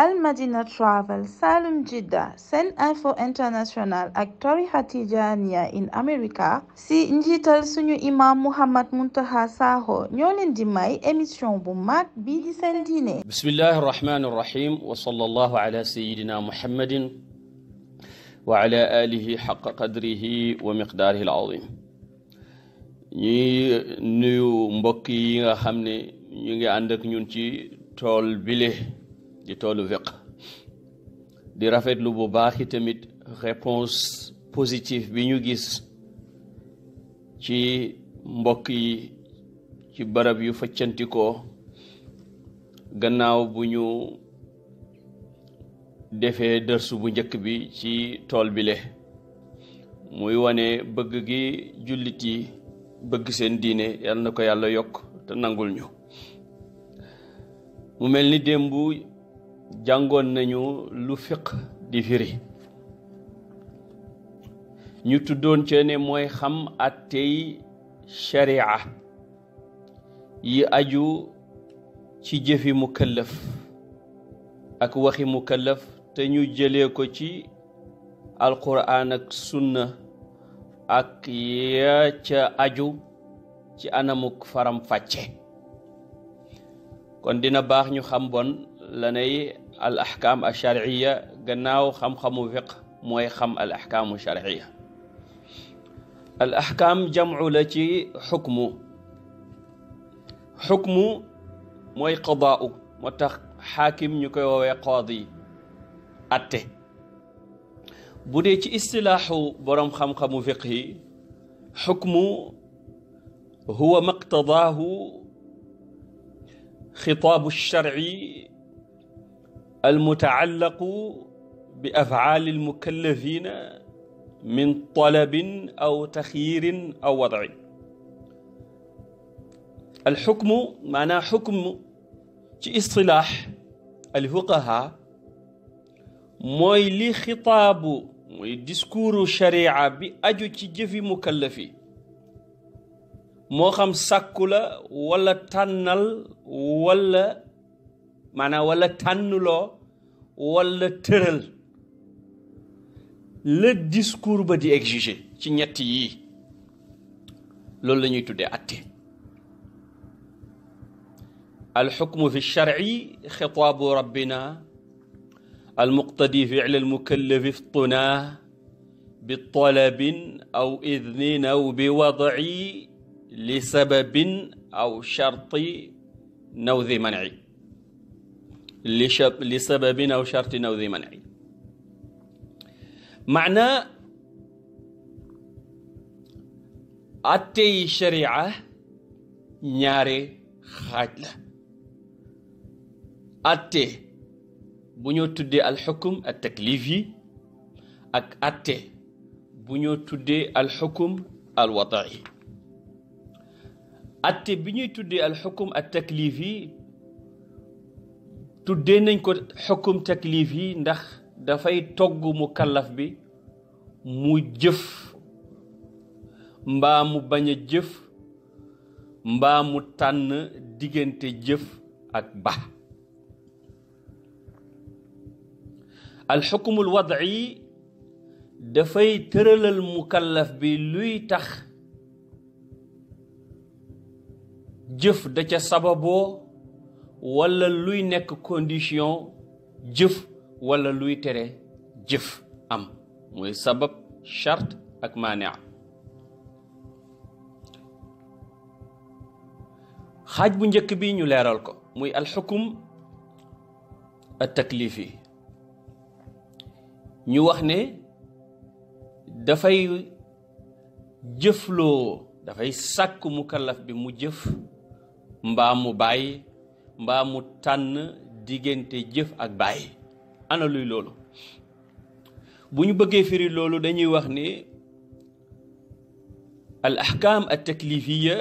al madina travel salum jidda sen info international ak tarixa tijaniya in america si njiital suñu imam muhammad muntaha sakho ñoo leen di may bu mag bi di seen diine bismillahi arrahmani arrahim wa sallallahu ala sayidina muhammadin wa ala alihi xaqa qadrihi wa miqdaarihi al azim ñuy nuyu mbokk yi nga xam ne ñu ngi di toolu fiq di rafetlu bu baax i tamit positif bi ñu gis ci mbokk yi ci barab yu faccantikoo gannaaw bu ñu defee dërsu bu njëkk bi ci tool bile muy wane bëgg gi jullit yi bëgg seen diine yal na ko yàlla yokk te nangul ñu mu mel ni démb jàngoon nañu lu fiq di firi ñu tuddoon ca ne mooy xam àttey sharia yi aju ci jëfi mukallaf ak waxi mukallaf te ñu jële ko ci alquran ak sunna ak ya ca aju ci anamuk faram fàcce kon dina baax ñu xam bon la nay al ahkaam al sharciya gannaaw xam-xamu fiq mooy xam al ahkaamu sharciya al ahkaam jamcu la ci xukmu xukmu mooy qadaau moo tax xaakim ñu koy woowee qaadi atte bu dee ci istilaaxu boroom xam-xamu fiq yi xukmu huwa maqtadaahu xitaabu sharci almutaallaqu bi afaali almukallafina min talabin aw taxyirin aw wadin alxukmu maanaa xukm ci istilaax alfuqaha mooy li xitaabu mooy discours sharia bi aju ci jëfi mukallaf yi moo xam sàkku la wala tànnal wala maanaam wala tànnuloo wala tëral le discours ba di exiger ci ñett yii loolu la ñuy tuddee atte alxukmu fi lcharci xitaabu rabbina almuqtadi ficl almukallafi ftunaa bitalabin aw idnin aw biwadci lisababin aw charti nawdi manci li sababin aw chartin aw di manci maanaa attey sharia ñaare xaaj la atte bu ñoo tuddee alxukum ak taklif yi ak atte bu ñoo tuddee alxukum alwadaci atte bi ñuy al alxukum ak taklif tuddee nañ ko xukum taklif yi ndax dafay togg mu bi mu jëf mbaa mu bañ a jëf mbaa mu tànn diggante jëf ak ba alxukumul wad'i dafay tëralal mukallaf bi luy tax jëf da ca sababoo wala luy nekk condition jëf wala luy tere jëf am mooy sabab charte ak maanaa xaaj bu njëkk bi ñu leeral ko muy alxukum at taklifi ñu wax ne dafay jëfloo dafay sàkk mukallaf bi mu jëf mbaa mu bàyyi mbaa mu tànn diggante jëf ak bàyyi ana luy loolu bu ñu bëggee firi loolu dañuy wax ni al ahkaam at taklifiya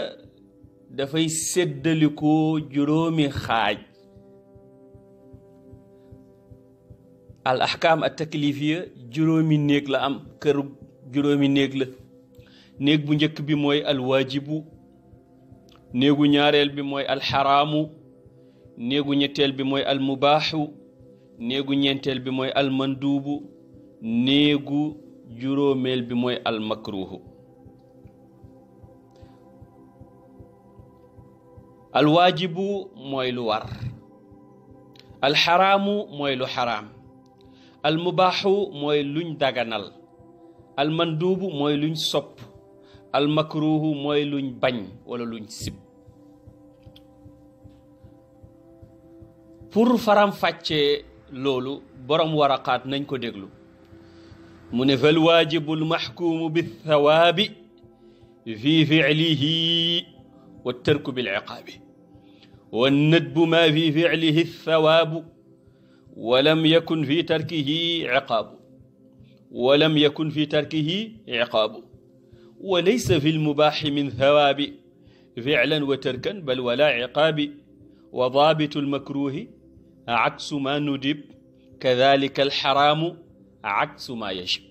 dafay séddalikoo juróomi xaaj al ahkaam at taklifiya juróomi néeg la am kër juróomi néeg la néeg bu njëkk bi mooy al néegu ñaareel bi mooy al néegu ñetteel bi mooy al mubaaxu néegu ñeenteel bi mooy al manduubu néegu juróomeel bi mooy al makruuhu al waajibu mooy lu war al mooy lu xaraam al mubaaxu mooy luñ daganal al manduubu mooy luñ sopp al makruuhu mooy luñ bañ wala luñ sib pour faram fàccee loolu borom waraqaat nañ ko déglu mu ne fal waajibul maxkuumu bithawaabi fi ficlihi wa tarku bilciqaabi wa nadbu maa fi ficlihi thawaabu wa lam yakun fi tarkihi ciqaabu wa lam yakun fi tarkihi ciqaabu wa laysa fi lmubaaxi min thawaabi ficlan wa tarkan bal wala ciqaabi wa daabitu lmakruuhi aksu ma nudib kadalika alxaraamu aksu ma yajib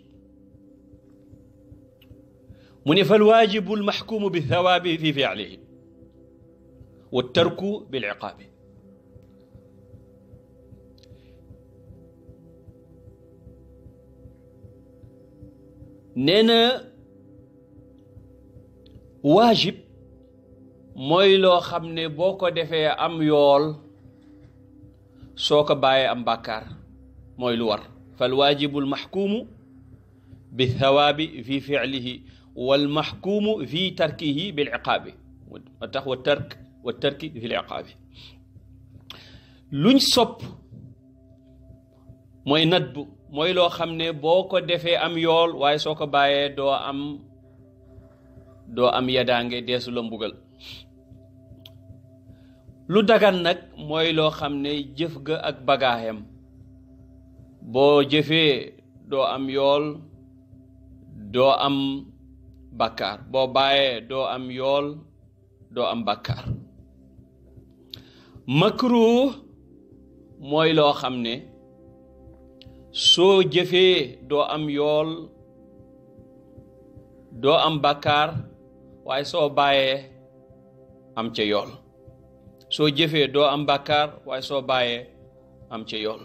mu ne falwaajibu almaxkuumu bithawaabi fi fiilihi wa tarku bilciqaabi nee na waajib mooy loo xam ne boo ko defee am yool soo ko bàyyee am bàkkaar mooy lu war fal waajibul maxkuumu bi thawaabi fi ficlihi wal maxkuumu fi tarkihi bil iqaabi wa tax sopp mooy nadbu mooy loo xam ne boo ko defee am yool waaye soo ko bàyyee doo am doo am yadaange deesu la mbugal lu dagan nag mooy loo xam ne jëf ga ak bagaayam boo jëfee doo am yool doo am bàkkaar boo bàyyee doo am yool doo am bàkkaar makruh mooy loo xam ne soo jëfee doo am yool doo am bàkkaar waaye soo bàyyee am ca yool soo jëfee doo am bàkkaar waaye soo bàyyee am ci yoon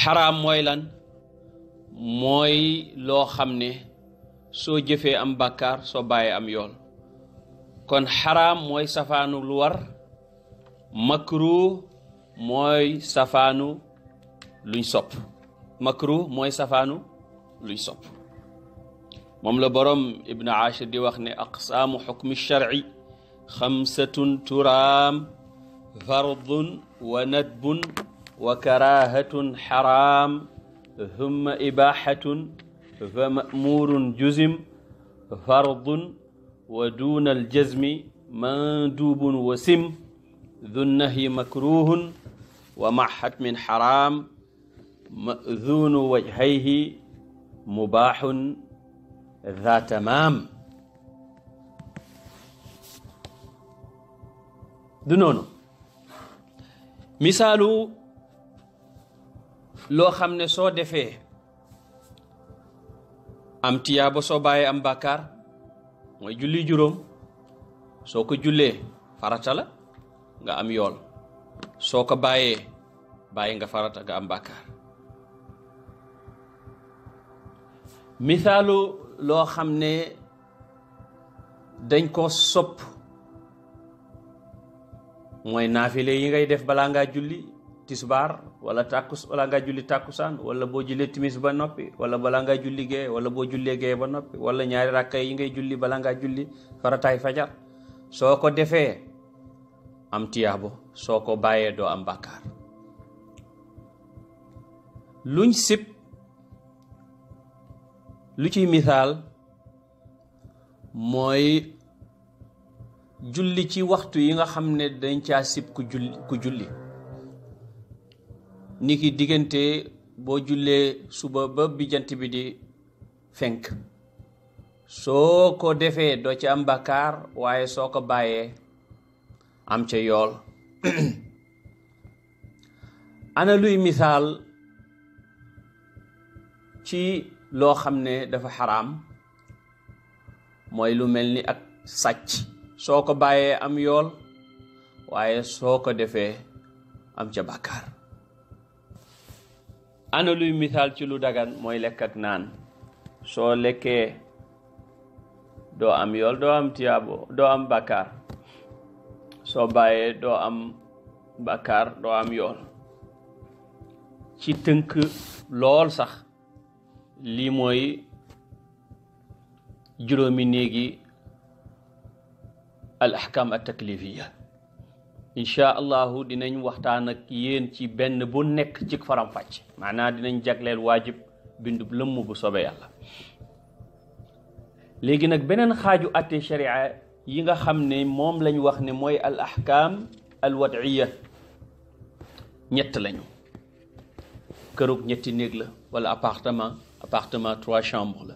xaraam mooy lan mooy loo xam ne soo jëfee am bàkkaar soo bàyyee am yoon kon xaraam mooy safaanu lu war makruh mooy safaanu luñ sopp mooy safaanu luñ sopp moom la borom ibnu Ashir di wax ne aqsaamu xukmi sharci xamsatun turaam fardun wa nadbun wa karahatun xaram humma ibahatun fa mamurun juzim fardun wa duna aljazmi mandubun wa sim du nahyi makruhun wa mahat min xaram mazunu wajhayhi mubahun dha tamaam du noonu misaalu loo xam ne soo defee am tiyaaba soo bàyyee am bàkkaar mooy julli juróom soo ko jullee farata la nga am yool soo ko bàyyee bàyyi nga farata nga am bàkkaar misaalu loo xam ne dañ ko sopp mooy naafile yi ngay def balaa ngaa julli tisbaar wala tàkkus balaa ngaa julli tàkkusaan wala boo jullee timis ba noppi wala balaa ngaa julli gee wala boo jullee gee ba noppi wala ñaari rakka yi ngay julli balaa ngaa julli farataay fajar soo ko defee am tiyaabo soo ko bàyyee doo am bàkkaar luñ sib lu ciy misaal mooy julli ci waxtu yi nga xam ne dañ caa sib ku julli ku julli niki diggante boo jullee suba ba bi jant bi di fenk soo ko defee doo ci am bàkkaar waaye soo ko bàyyee am ca yool ana luy misaal ci loo xam ne dafa xaraam mooy lu mel ni ak sàcc soo ko bàyyee am yool waaye soo ko defee am ca bàkkaar ana luy misaal ci lu dagan mooy lekk ak naan soo lekkee doo am yool doo am tiyaabo doo am bàkkaar soo bàyyee doo am bàkkaar doo am yool ci tënk lool sax lii mooy juróomi néegi al ahkam at taklifiya allahu dinañ waxtaan ak yéen ci benn bu nekk ci faram-fàcc maanaam dinañ jagleel waajib bindub lëmm bu sobe yàlla léegi nag beneen xaaju atte sharia yi nga xam ne moom lañ wax ne mooy al ahkam ñett lañu kërug ñetti néeg la wala appartement appartement trois chambres la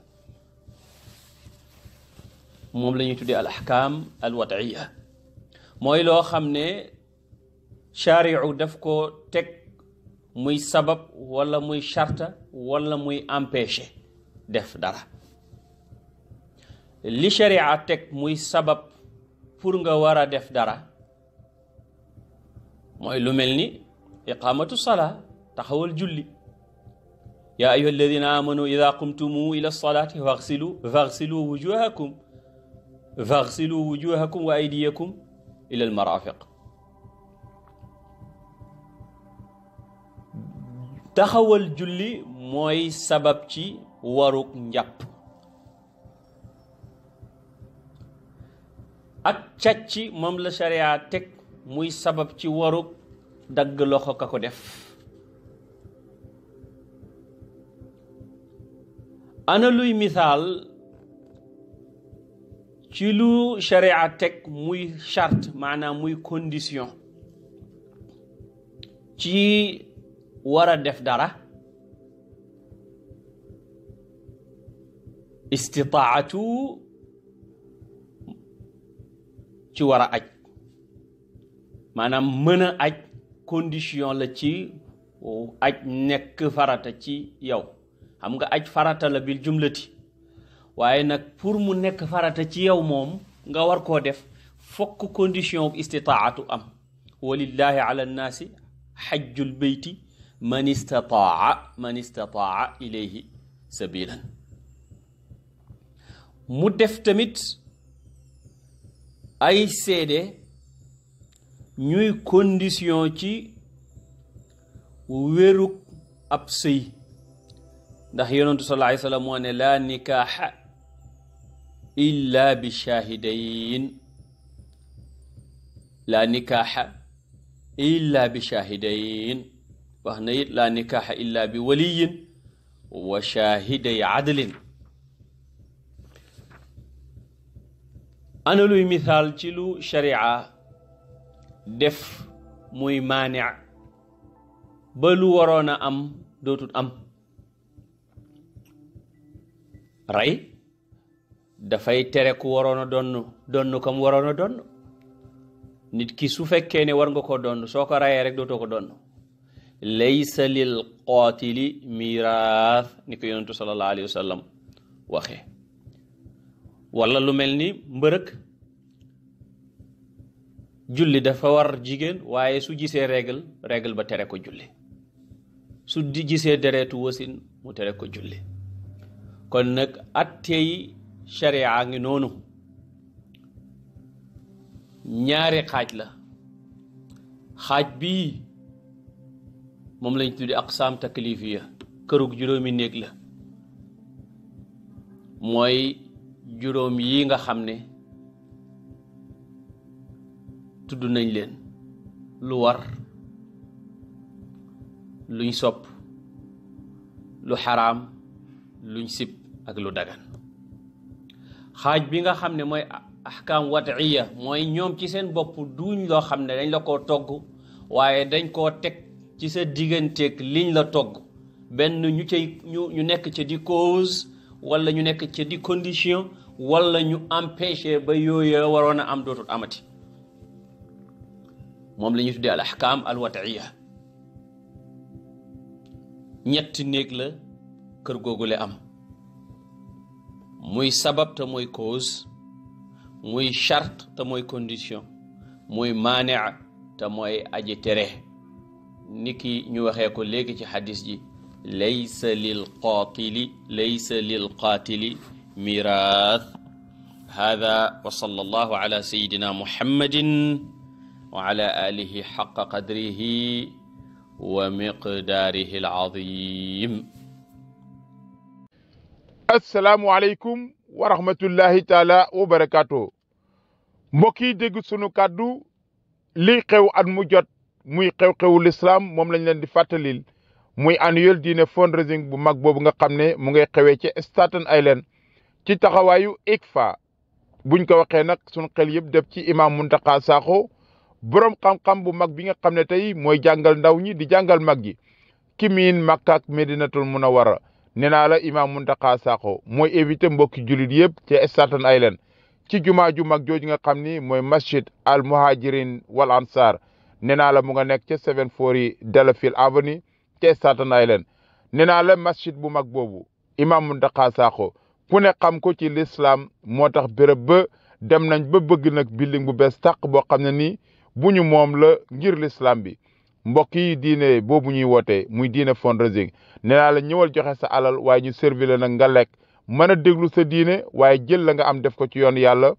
moom la ñuy tuddee al ahkaam al wad'iya mooy loo xam ne shari'u daf ko teg muy sabab wala muy charte wala muy empêcher def dara li sharia teg muy sabab pour nga war a def dara mooy lu mel ni iqaamatu salaa taxawal julli yaa ayuha alladina amanu ida qumtumu ila salaati faxsilu faxsilu wujuhakum faxsilu wujuhakum wa taxawal julli mooy sabab ci waruk njàpp ak càcc moom la sharia teg muy sabab ci waruk dagg loxo ko def ana luy misaal ci lu sharia teg muy charte maanaam muy condition ci war a def dara istitaatu ci war a aj maanaam mën a aj condition la ci aj nekk farata ci yow xam nga aj farata la bil jumlati waaye nag pour mu nekk farata ci yow moom nga war koo def fokk condition bu istitaatu am walillahi ala nnaasi xajjul beyti man istataa man istataa ilayhi sabilan mu def tamit ay seede ñuy condition ci wérug ab sëy ndax yenoon sallallahu alayhi wa sallam moo laa nikaaxa illa bi shaahidayn laa nikaaxa illa bi shaahidayn wax na it laa illa bi waliyin wa shaahiday adlin ana luy misaal ci lu sharia def muy maani ba lu waroon am dootut am dafay tere ko waroon a donn donn kam waroon a donn nit ki su fekkee ne war nga ko donn soo ko rayee rek dootoo ko donn laysa lil qaatili miraas ni ko yonentu sallallahu alayhi waxe wala lu mel ni mbërëg julli dafa war jigéen waaye su gisee règle règle ba tere ko julli su gisee deretu wasin mu tere ko julli kon nag atte sharia ngi noonu ñaari xaaj la xaaj bii moom lañ tuddi aqsaam taklifiya kërug juróomi néeg la mooy juróom yi nga xam ne tudd nañ leen lu war luñ sopp lu xaraam luñ sib ak lu dagan xaaj bi nga xam ne mooy ahkaam watiya mooy ñoom ci seen bopp duuñ loo xam ne dañ la ko togg waaye dañ koo teg ci sa digganteeg liñ la togg benn ñu cay ñu nekk ci di cause wala ñu nekk ci di condition wala ñu empêché ba yooya waroon a am dootul amati moom lañu ñuy tuddee al ahkaam al ñetti néeg la kër googule am muy sabab te mooy cause muy charte te mooy condition muy maanea te mooy aji tere ni ki ñu waxee ko léegi ci xadis ji laysa lil qaatili laysa lil qaatili miraas hada wa sallallahu ala sayidina muhammadin wa ala alihi xaqa qadrihi wa miqdaarihi al azim asalaamualeykum wa rahmatullahi taala wa barakaatu mbokk yi dégg sunu kàddu liy xew at mu jot muy xew-xewu lislaam moom lañ leen di fàttalil muy annuel dinner fundraising bu mag boobu nga xam ne mu ngay xewee ci Staten Island ci taxawaayu ICFA buñ ko waxee nag sunu xel yëpp def ci imam Muntaqa saako borom xam-xam bu mag bi nga xam ne tey mooy jàngal ndaw ñi di jàngal mag gi ki miin Makka ak Medinatul Munawara nee naa la imam Mountakha Sakho mooy éviter mbokki jullit yëpp ca Staten Island ci jumaa ju mag jooju nga xam ni mooy masjid al muhajirin wal ansar nee naa la mu nga nekk ca 740 Delafield Avenue ca Staten Island nee naa la masjid bu mag boobu imam Mountakha Sakho ku ne xam ko ci lislaam moo tax béréb ba dem nañ ba bëgg nag building bu bees tàq boo xam ne nii bu ñu moom la ngir lislaam bi mbokk yi diine boobu ñuy woote muy diine fundraising nee naa la ñëwal joxe sa alal waaye ñu servi nag nga lekk mën a déglu sa diine waaye jël la nga am def ko ci yoon yàlla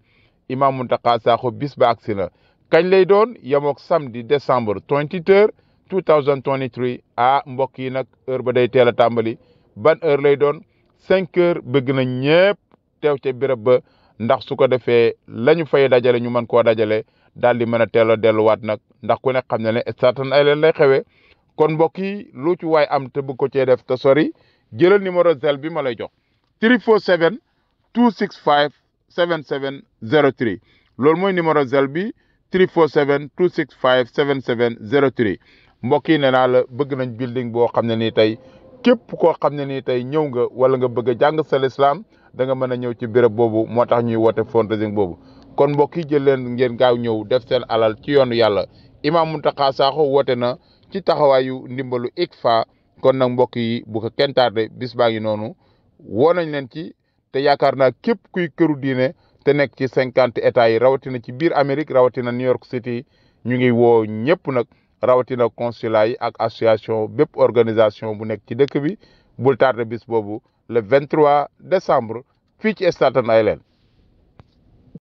Imam Mountakha Sakho bis ba agsi na kañ lay doon yemook samedi décembre 23 2023 ah mbokk yi nag heure ba day teel a tàmbali ban heure lay doon cinq heures bëgg na ñëpp teew ca béréb ba ndax su ko defee la ñu fay dajale ñu mën koo dajale daal di mën a teel a delluwaat nag ndax ku ne xam na ne na ay leen lay xewee kon mbokk yi lu ci waay am te bëgg ko cee def te sori jëlal numéro zel bi ma lay jox 347 265 7703 loolu mooy numéro zel bi 347 265 7703 mbokk yi nee naa la bëgg nañ building boo xam ne nii tey képp koo xam ne nii tey ñëw nga wala nga bëgg a jàng sa lislaam da nga mën a ñëw ci béréb boobu moo tax ñuy woote fundraising boobu kon mbokk yi jël leen ngeen gaaw ñëw def seen alal ci yoonu yàlla imaam Mountakha Sakho woote na ci taxawaayu ndimbalu ICFA kon nag mbokk yi bu ko bis baa ngi noonu woo nañ leen ci te yaakaar naa képp kuy këru diine te nekk ci cinquante états yi rawatina ci biir Amérique rawatina New York City ñu ngi woo ñëpp nag rawatina consulat ak association bépp organisation bu nekk ci dëkk bi bul tardé bis boobu le 23 décembre fii ci Staten Island